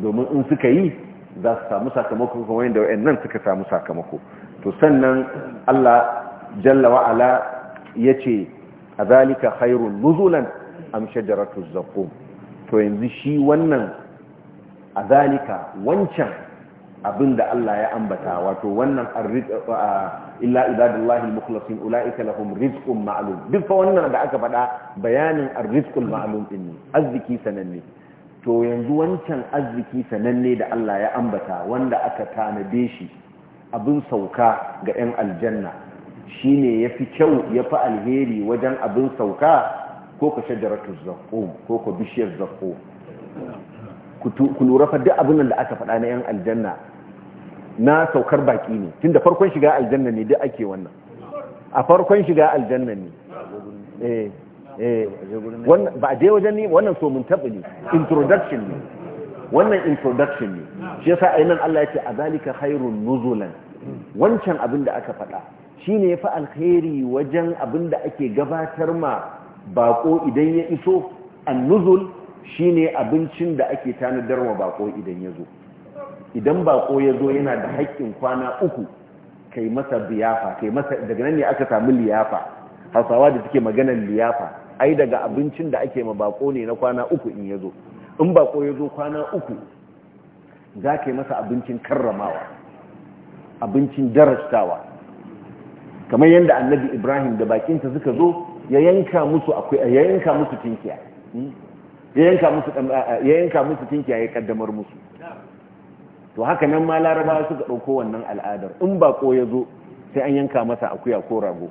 domin in suka yi za su samu sakamako kuma yadda wayannan suka samu sakamako to sannan Allah jalla wa ala yace azalika khairun nuzulan am shajaratu zaɓo. to yanzu shi wannan a zalika wancan abin da Allah ya ambata wato wannan illa ibadallahi mukhlasin ulaika lahum rizqun ma'lum duk fa wannan da aka faɗa bayanin ar ma'lum din arziki sananne to yanzu wancan arziki sananne da Allah ya ambata wanda aka tanade shi abin sauka ga 'yan aljanna shine yafi kyau yafi alheri wajen abin sauka ko ka shajaratu zafo ko ka bishiyar zafo ku lura fa duk abin da aka faɗa na yan aljanna na saukar baki ne Tun da farkon shiga aljanna ne duk ake wannan a farkon shiga aljanna ne eh, eh. Ba a je wajen ne wannan so mun ne. introduction ne wannan introduction ne shi yasa a nan Allah ya ce azalika khairun nuzulan wancan abin da aka faɗa shine fa alkhairi wajen abin da ake gabatar ma bako idan ya iso annuzul ne abincin da ake tanadar wa bako idan ya zo idan bako ya zo yana da haƙƙin kwana uku kai masa biyafa kai masa daga nan ne aka samu liyafa hausawa da suke maganar liyafa ai daga abincin da ake ma bako ne na kwana uku in ya zo in bako ya zo kwana uku za ka yi masa abincin karramawa abincin darastawa kamar yadda annabi ibrahim da bakinta suka zo ya yanka musu akwai ya yanka musu tinkiya hmm? ya yanka musu ya yanka musu tinkiya ya kaddamar musu to haka nan ma larabawa suka dauko wannan al'adar in ba ko ya zo sai an yanka masa akuya ko rago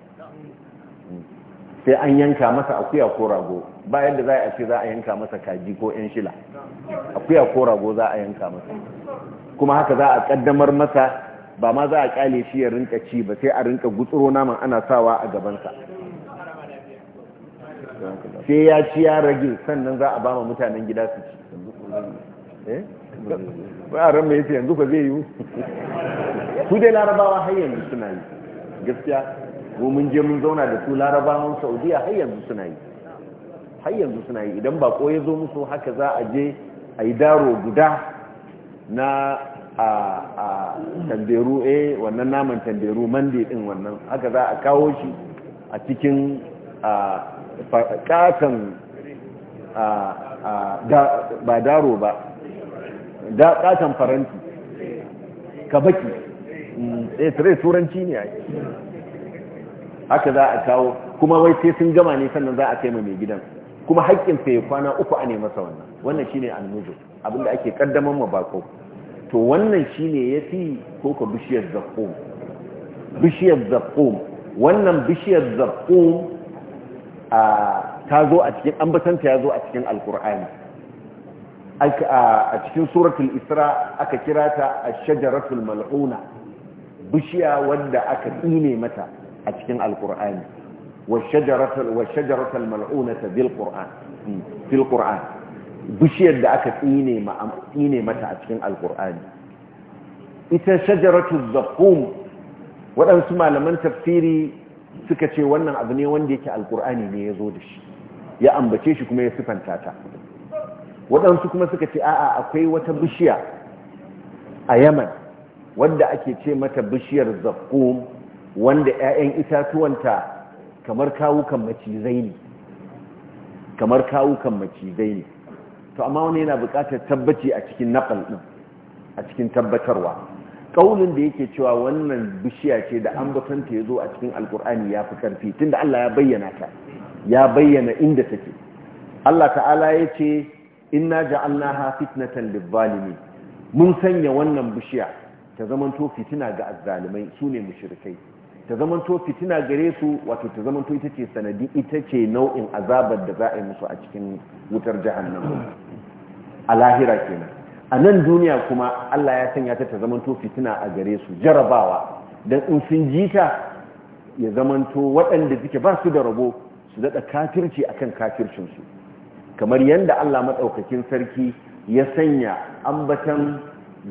hmm? sai an yanka masa akuya ko rago ba yadda za a ce za a yanka masa kaji ko yan shila akuya ko rago za a yanka masa kuma haka za a kaddamar masa ba ma za a kyale shi ya rinka ci ba sai a rinka gutsuro naman ana sawa a gabansa sai ya ci ya rage sannan za a ba ma mutanen gida su ci eh? ba a ran mai yanzu ba zai yi su dai larabawa har yanzu suna yi gaskiya ko mun je mun zauna da su larabawan saudiya har yanzu suna yi har yanzu suna yi idan ba ya zo musu haka za a je a yi daro guda na a tanderu eh wannan naman tanderu mande din wannan haka za a kawo shi a cikin katon ba daro ba da katon faranti ka baki mm, eh tare turanci ne ai haka za a kawo kuma wai sai sun gama ne sannan za a kai mai gidan kuma haƙƙin sai kwana uku a ne masa wannan wannan shine annujo abinda ake kaddamar ma bako to wannan shine yafi ko ka bishiyar zaƙo. bishiyar zaƙo. wannan bishiyar zaƙo. ta zo a cikin ambatanta ya zo a cikin alkur'ani a cikin suratul isra aka kira ta ashajaratul mal'una bishiya wanda aka tsine mata a cikin alkur'ani washajaratul mal'una ta hmm, fil qur'an bishiyar da aka tsine mata a cikin alkur'ani ita shajaratul zakum waɗansu malaman tafsiri suka ce wannan abu ne wanda yake alkur'ani ne ya zo da shi ya ambace shi kuma ya sifanta ta waɗansu kuma suka ce a'a akwai wata bishiya a yaman wadda ake ce mata bishiyar zakkum wanda 'ya'yan itatuwanta kamar kawukan macizai ne kamar kawukan macizai ne to amma wani yana buƙatar tabbaci a cikin naƙal ɗin a cikin tabbatarwa kaunin da yake cewa wannan bishiya ce da an ambatanta zo a cikin alkur'ani ya fi karfi da Allah ya bayyana ta ya bayyana inda take Allah ta'ala ya yace inna ha fitnatan lil-zalimin mun sanya wannan bishiya ta zamanto fitina ga azzalimai sune mushrikai ta zamanto fitina gare su wato ta zamanto ita ce sanadi ita ce nau'in azabar da za a yi musu a cikin wutar jahannama a lahira kenan a nan duniya kuma Allah ya sanya ta ta zamanto fitina a gare su jarabawa don in sun ji ta ya zamanto waɗanda suke ba su da rabo su daɗa kafirci akan kafircinsu kamar yadda Allah maɗaukakin sarki ya sanya ambatan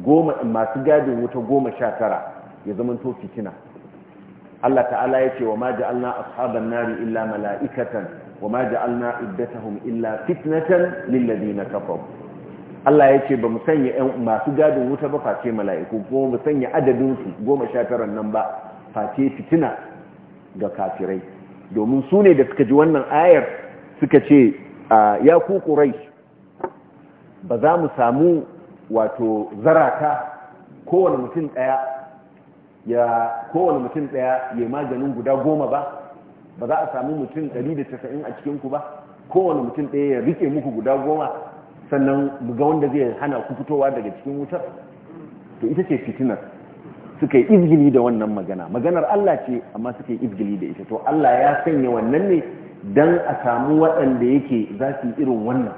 goma masu gadin wuta goma sha tara ya zamanto fitina Allah ta'ala ya ce wa ma ja'alna ashaban nari illa mala'ikatan wa ma ja'alna iddatahum illa fitnatan lil ladina kafaru Allah ya ce ba mu sanya masu gadin wuta ba face mala'iku ko mu sanya adadinsu goma sha tara nan ba face fitina ga kafirai domin su ne da suka ji wannan ayar suka ce ya ku ƙurai ba za mu samu wato zarata kowane mutum ɗaya ya maganin guda goma ba ba za a samu mutum ɗari da 190 a cikinku ba kowane mutum ɗaya ya rike muku guda goma sannan ga wanda zai hana ku fitowa daga cikin wutar to ita ce fitinar suka yi izgili da wannan magana maganar Allah ce amma suka yi izgili da ita to Allah ya sanya wannan ne dan a samu waɗanda yake za su yi irin wannan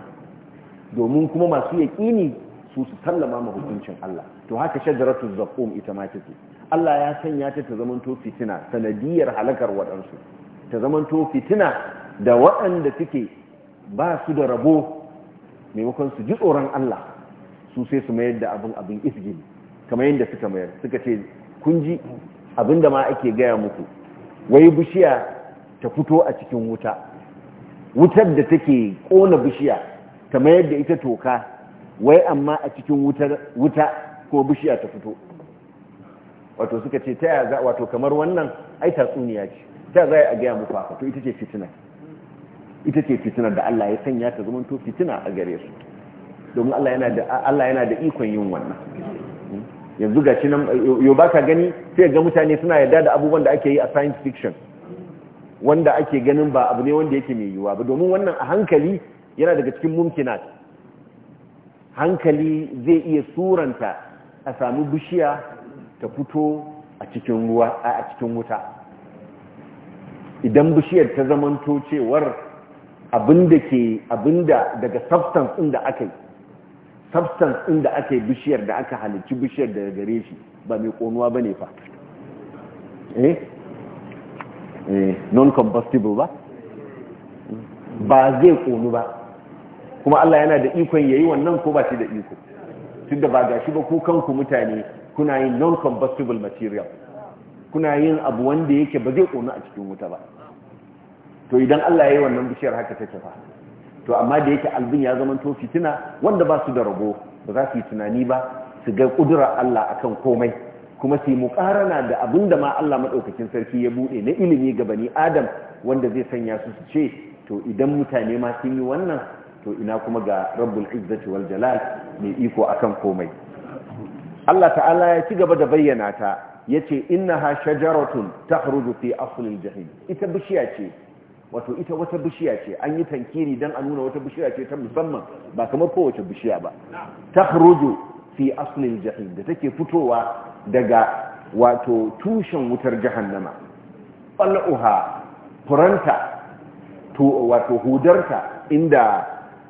domin kuma masu yaƙini su su sallama ma hukuncin Allah to haka shajaratu zaqum ita ma ce Allah ya sanya ta ta zamanto fitina sanadiyar halakar waɗansu ta zamanto fitina da waɗanda suke ba su da rabo maimakon su ji tsoron Allah su sai su mayar da abin abin isgin kamar yadda suka mayar suka ce kun ji abin da ma ake gaya muku wai bishiya ta fito a cikin wuta wutar da take kona bishiya ta mayar da ita toka wai amma a cikin wuta ko bishiya ta fito wato suka ce ta yaza wato kamar wannan ai tsuniya ce ta za a gaya muku haka to ita ce fitina ita ce fitinar da Allah ya sanya ta zama to fitina a gare su domin Allah yana da ikon yin wannan yanzu shi nan yo gani sai ga mutane suna yadda da abubuwan da ake yi a science fiction wanda ake ganin ba abu ne wanda yake mai yiwuwa ba domin wannan a hankali yana daga cikin mumkinat hankali zai iya suranta a sami bishiya ta fito a cikin ruwa a cikin wuta idan bishiyar ta zamanto cewar abinda ke abinda daga substance inda aka yi substance inda aka yi bishiyar da aka halicci bishiyar daga gare shi ba mai konuwa ba ne fa eh? eh non-combustible ba ba zai konu ba kuma Allah yana da ikon yayi wannan ko ba shi da iko tun da ba gashi ba ko kanku mutane kuna yin non-combustible material kuna yin abu wanda yake ba zai konu a cikin wuta ba to idan Allah ya yi wannan bishiyar haka take fa to amma da yake albin ya zama to fitina wanda ba su da rabo ba za su yi tunani ba su ga kudura Allah akan komai kuma su yi mukarana da abin da ma Allah maɗaukakin sarki ya buɗe na ilimi ga bani Adam wanda zai sanya su su ce to idan mutane ma sun yi wannan to ina kuma ga rabbul izzati wal jalal mai iko akan komai Allah ta'ala ya ci gaba da bayyana ta yace innaha shajaratun tahruju fi aslil jahim ita bishiya ce wato ita wata bishiya ce an yi tankiri dan a nuna wata bishiya ce ta musamman ba kamar kowace bishiya ba ta takhruju fi aslil jahim da take fitowa daga wato tushen wutar jahannama fal'uha furanta to wato hudarta inda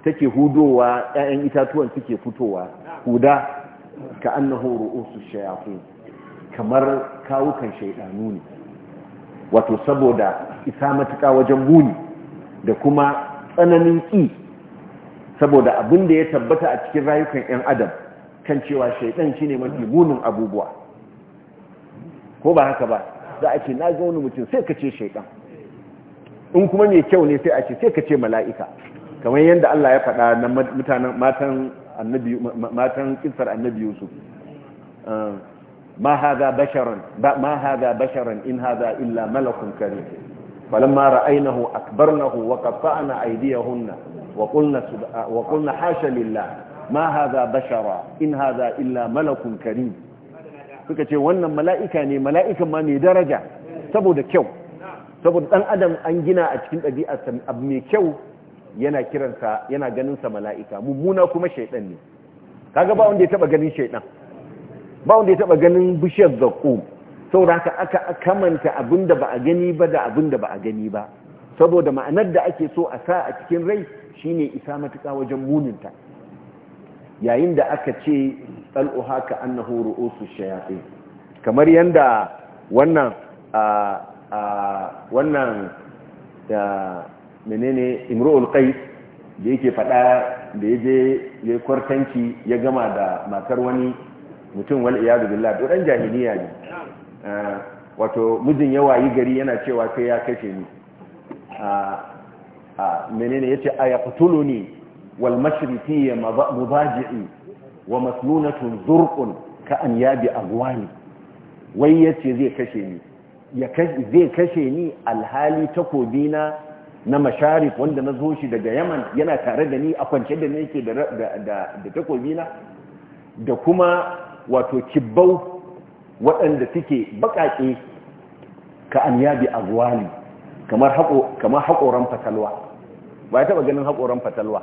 take hudowa ya'yan itatuwan suke fitowa huda ka annahu ru'usu shayaku kamar kawukan shaidanu ne wato saboda isa matuka wajen muni da kuma tsananin ƙi saboda abin da ya tabbata a cikin rayukan 'yan adam kan cewa shaidan shi ne mafi munin abubuwa ko ba haka ba za a ce na ga wani mutum sai ka ce shaidan in kuma mai kyau ne sai a ce sai ka ce mala'ika kamar yadda Allah ya faɗa na matan annabi matan annabi Yusuf eh, ما هذا بشرا ما هذا بشرا إن هذا إلا ملك كريم فلما رأينه أكبرنه وقطعنا أيديهن وقلنا, وقلنا حاشا لله ما هذا بشرا إن هذا إلا ملك كريم suka ce wannan mala'ika ne mala'ikan ma mai daraja saboda kyau saboda ɗan adam an gina a cikin ɗabi'arsa abu mai kyau yana kiransa yana ganinsa mala'ika mummuna kuma shaiɗan ne ka ba wanda ya taɓa ganin shaiɗan ba wanda ya taba ganin bishiyar zaƙo sau haka aka kamanta da ba a gani ba da abin da ba a gani ba saboda ma'anar da ake so a sa a cikin rai shine isa matuka wajen muninta yayin da aka ce tsal'uha ka horo osu shayatin kamar yadda wannan yadda wannan da menene imro qais da yake fada da yaje ya kwartanci ya gama da matar wani mutum wal iyadu billah to dan jahiliya ne ah, wato mijin ya wayi gari yana cewa sai ya kashe ni a ah, ah, menene yace ayaqtuluni wal ya mudaji'i wa maslunatun zurqun ka an yabi agwani wai yace zai kashe ni ya zai kashe ni alhali takobi na na masharif wanda na zo shi daga yaman yana tare da ni a kwance da ni yake da takobina da kuma wato kibbau waɗanda suke baƙaƙe ka an yabi agwali kamar haƙoran fatalwa ba ya taɓa ganin haƙoran fatalwa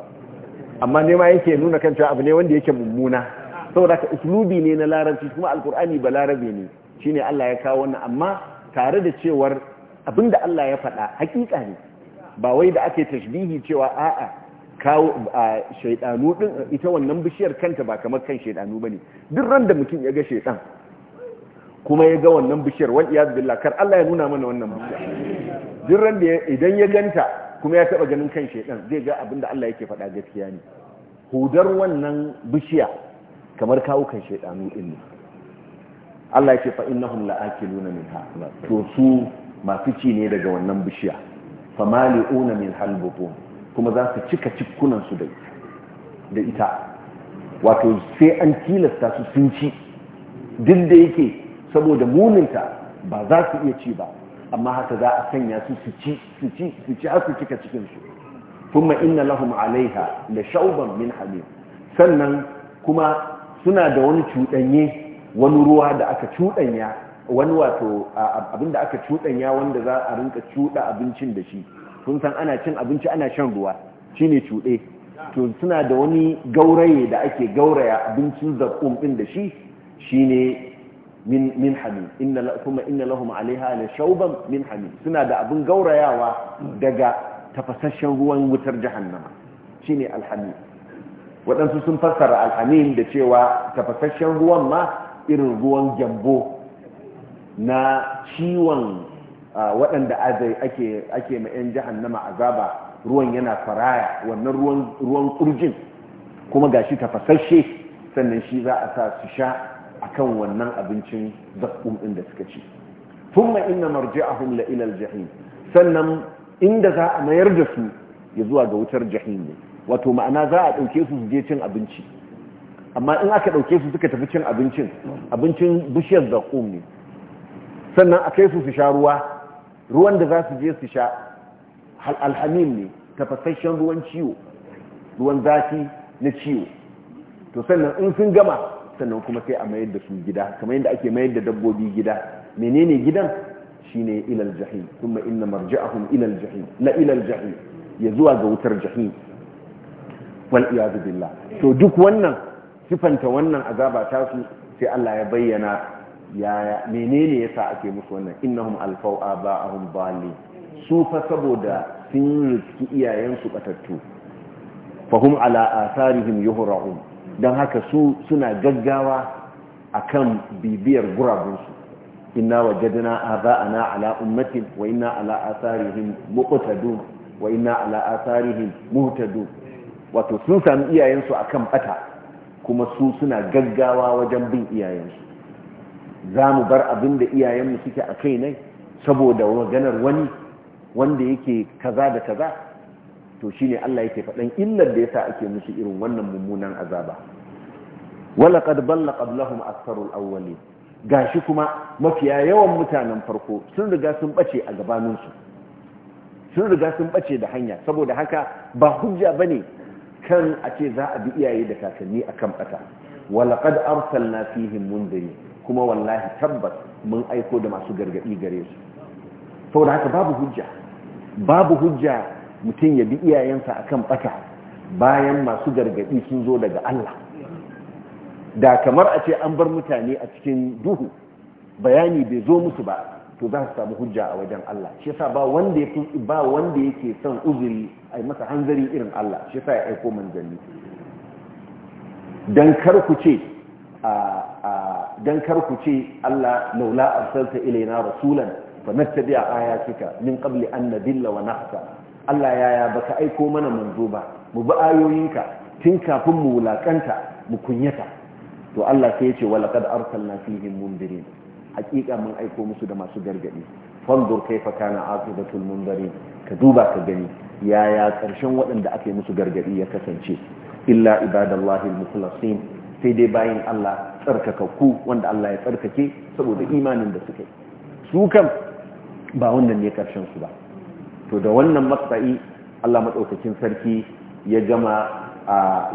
amma nema yake nuna kan cewa abu ne wanda yake mummuna saboda ka islubi ne na larabci kuma alkur'ani ba larabe ne Shi ne Allah ya kawo wannan amma tare da cewar abinda Allah ya faɗa hakika ne ba wai da ake tashbihi cewa a'a kawo a shaidanu din ita wannan bishiyar kanta ba kamar kan shaidanu bane duk ran da mutum ya ga shaidan kuma ya ga wannan bishiyar wal iyad billah kar Allah ya nuna mana wannan bishiyar duk ran da idan ya ganta kuma ya taba ganin kan shaidan zai ga abinda Allah yake faɗa gaskiya ne hudar wannan bishiya kamar kawo kan shaidanu din ne Allah yake fa innahum la'akiluna minha to su masu ci ne daga wannan bishiya famali'una min halbutun kuma za su cika cikunansu da ita wato sai an tilasta su sun ci duk da yake saboda muninta ba za su iya ci ba amma haka za a sanya su su ci su ci su har su cika cikinsu kuma inna lahum alaiha da shauban min hamim sannan kuma suna da wani cuɗanye wani ruwa da aka cuɗanya wani wato abinda aka cuɗanya wanda za a rinka cuɗa abincin da shi kun san ana cin abinci ana shan ruwa shine cuɗe to suna da wani gauraye da ake gauraya abincin zakum ɗin da shi shine min min kuma inna lahum alaiha la shauban min hamim suna da abin gaurayawa daga tafasasshen ruwan wutar jahannama shine alhamim waɗansu sun fassara alhami da cewa tafasasshen ruwan ma irin ruwan gyambo na ciwon waɗanda ake ake ma 'yan jahannama azaba ruwan yana faraya wannan ruwan ruwan kurjin kuma gashi tafasasshe sannan shi za a sa su sha akan wannan abincin zakkum din da suka ci thumma inna marji'ahum la ila al-jahim sannan inda za a mayar da su ya zuwa ga wutar jahim ne wato ma'ana za a ɗauke su su je cin abinci amma in aka ɗauke su suka tafi cin abincin abincin bishiyar zakum ne sannan a kai su su sha ruwa ruwan da za su je su sha alhamim ne tafasasshen ruwan ciwo ruwan zafi na ciwo to sannan in sun gama sannan kuma sai a mayar da su gida kamar yadda ake mayar da dabbobi gida menene gidan shine ilal jahim kuma inna marji'ahum ilal jahim la ilal jahim ya zuwa ga wutar jahim wal iyadu billah to duk wannan sifanta wannan azaba ta su sai Allah ya bayyana yaya menene yasa ake musu wannan innahum alfau aba'ahum bali su fa saboda sun riski iyayensu batattu fahum ala atharihim yuhra'un dan haka su suna gaggawa akan bibiyar gurabunsu inna wajadna aba'ana ala ummatin wa inna ala atharihim muqtadun wa inna ala atharihim muhtadun wato sun sami iyayensu akan bata kuma su suna gaggawa wajen bin iyayensu za mu bar abin da iyayenmu suke a kai nai saboda maganar wani wanda yake kaza da kaza to shine Allah yake faɗan illar da yasa ake musu irin wannan mummunan azaba wala qad balla qablahum aktharul awwalin gashi kuma mafiya yawan mutanen farko sun riga sun bace a gabanin su sun riga sun bace da hanya saboda haka ba hujja bane kan a ce za a bi iyaye da kakanni akan bata wala qad arsalna fihim mundirin kuma wallahi tabbas mun aiko da masu gargadi gare su saboda haka babu hujja babu hujja mutum ya bi iyayensa a kan bata bayan masu gargadi sun zo daga Allah da kamar a ce an bar mutane a cikin duhu bayani bai zo musu ba to za su samu hujja a wajen Allah shi yasa ba wanda yake ba son uzuri ai masa hanzari irin Allah shi yasa ya aiko manzanni dan kar ku ce a dan kar ku ce Allah laula arsalta ilaina rasulan fanattabi'a ayatika min qabli an nadilla wa nahsa Allah yaya baka aiko mana manzo ba mu bi ayoyinka tun kafin mu wulakanta mu kunyata to Allah sai ya ce walaqad arsalna fihim mundirin hakika mun aiko musu da masu gargadi fanzur kaifa kana aqibatul mundirin ka duba ka gani yaya karshen waɗanda ake musu gargadi ya kasance illa ibadallahi almukhlasin sai dai bayin Allah tsarkakakku wanda Allah ya tsarkake saboda imanin da suke. su kan ba wannan ne karshen su ba to da wannan matsayi Allah madaukakin sarki ya gama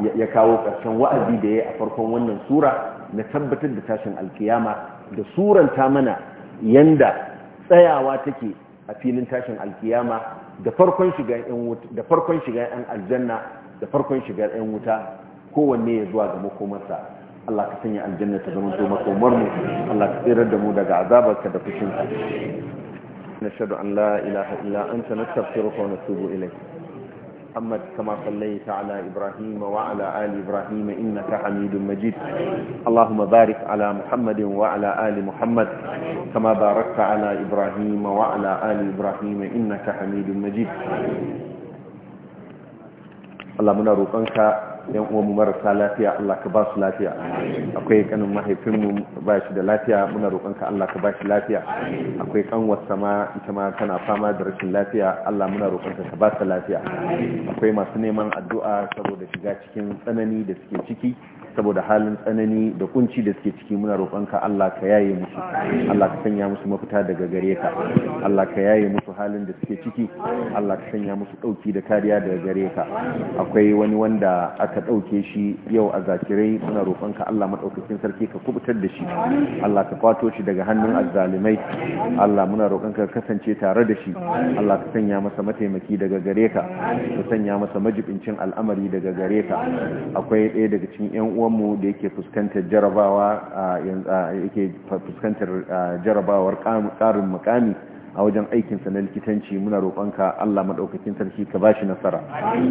ya kawo karshen wa'azi da ya a farkon wannan sura na tabbatar da tashin alkiyama da suranta mana yanda tsayawa take a filin tashin alkiyama da farkon shiga yan da farkon shiga ɗan aljanna da farkon shiga yan wuta kowanne ya zuwa ga makomarsa Allah ka sanya aljanna ta zama zuwa kamar mu Allah ka tsere da mu daga azabarka da fushin ka nashadu an la ilaha illa anta nastaghfiruka wa natubu ilayk kama sallaita ala ibrahim wa ala ali ibrahim innaka hamidum majid allahumma barik ala muhammad wa ala ali muhammad kama barakta ala ibrahim wa ala ali ibrahim innaka hamidum majid allah muna roƙonka yan mu marasa lafiya Allah ka ba su lafiya akwai kanin mahaifinmu ba shi da lafiya muna roƙonka Allah ka ba shi lafiya akwai wasa ma ita ma tana fama da rashin lafiya Allah muna roƙonka ka ba ta lafiya akwai masu neman addu'a saboda shiga cikin tsanani da suke ciki saboda halin tsanani da kunci da suke ciki muna roƙonka Allah ka yaye musu Allah ka sanya musu mafita daga gare ka Allah ka yaye musu halin da suke ciki Allah ka sanya musu ɗauki da kariya daga gare ka akwai wani wanda aka ɗauke shi yau a zakirai muna roƙonka Allah maɗaukakin sarki ka kubutar da shi Allah ka kwato shi daga hannun azzalimai Allah muna roƙonka ka kasance tare da shi Allah ka sanya masa mataimaki daga gare ka ka sanya masa majibincin al'amari daga gare ka akwai ɗaya daga cikin ƴan uwa uwanmu da yake fuskantar jarabawa yake fuskantar jarabawar ƙarin mukami a wajen aikinsa na likitanci muna roƙonka Allah maɗaukakin sarki ka ba shi nasara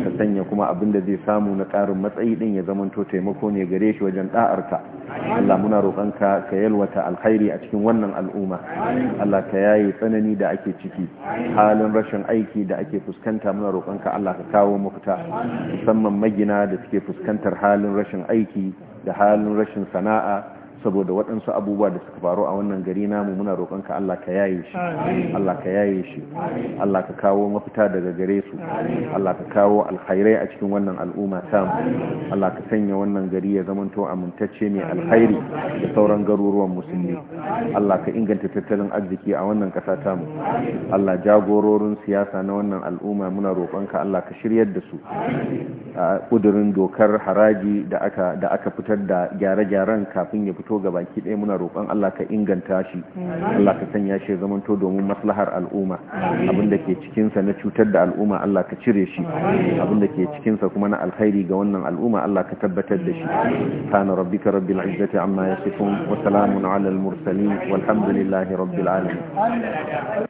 ka sanya kuma abin da zai samu na ƙarin matsayi ɗin ya zamanto taimako ne gare shi wajen ɗa'arka Allah muna roƙonka ka yalwata alkhairi a cikin wannan al'umma Allah ka yaye tsanani da ake ciki halin rashin aiki da ake fuskanta muna roƙonka Allah ka kawo mafita musamman magina da suke fuskantar halin rashin aiki da halin rashin sana'a saboda waɗansu abubuwa da suka faru a wannan gari namu muna roƙonka Allah ka yaye shi Allah ka yaye shi Allah ka kawo mafita daga gare su Allah ka kawo alkhairai a cikin wannan al'umma tamu Allah ka sanya wannan gari ya zama zamanto amintacce mai alkhairi da sauran garuruwan musulmi Allah ka inganta tattalin arziki a wannan ƙasa tamu Allah jagororin siyasa na wannan al'umma muna ka Allah ka shiryar da su a ƙudurin dokar haraji da aka fitar da gyare-gyaren kafin ya fito zamanto ga baki ɗaya muna roƙon Allah ka inganta shi Allah ka sanya shi zamanto domin maslahar al'umma abin da ke cikinsa na cutar da al'umma Allah ka cire shi abin da ke cikinsa kuma na alkhairi ga wannan al'umma Allah ka tabbatar da shi kana rabbika rabbil izzati amma yasifun wa salamun ala al mursalin walhamdulillahi rabbil alamin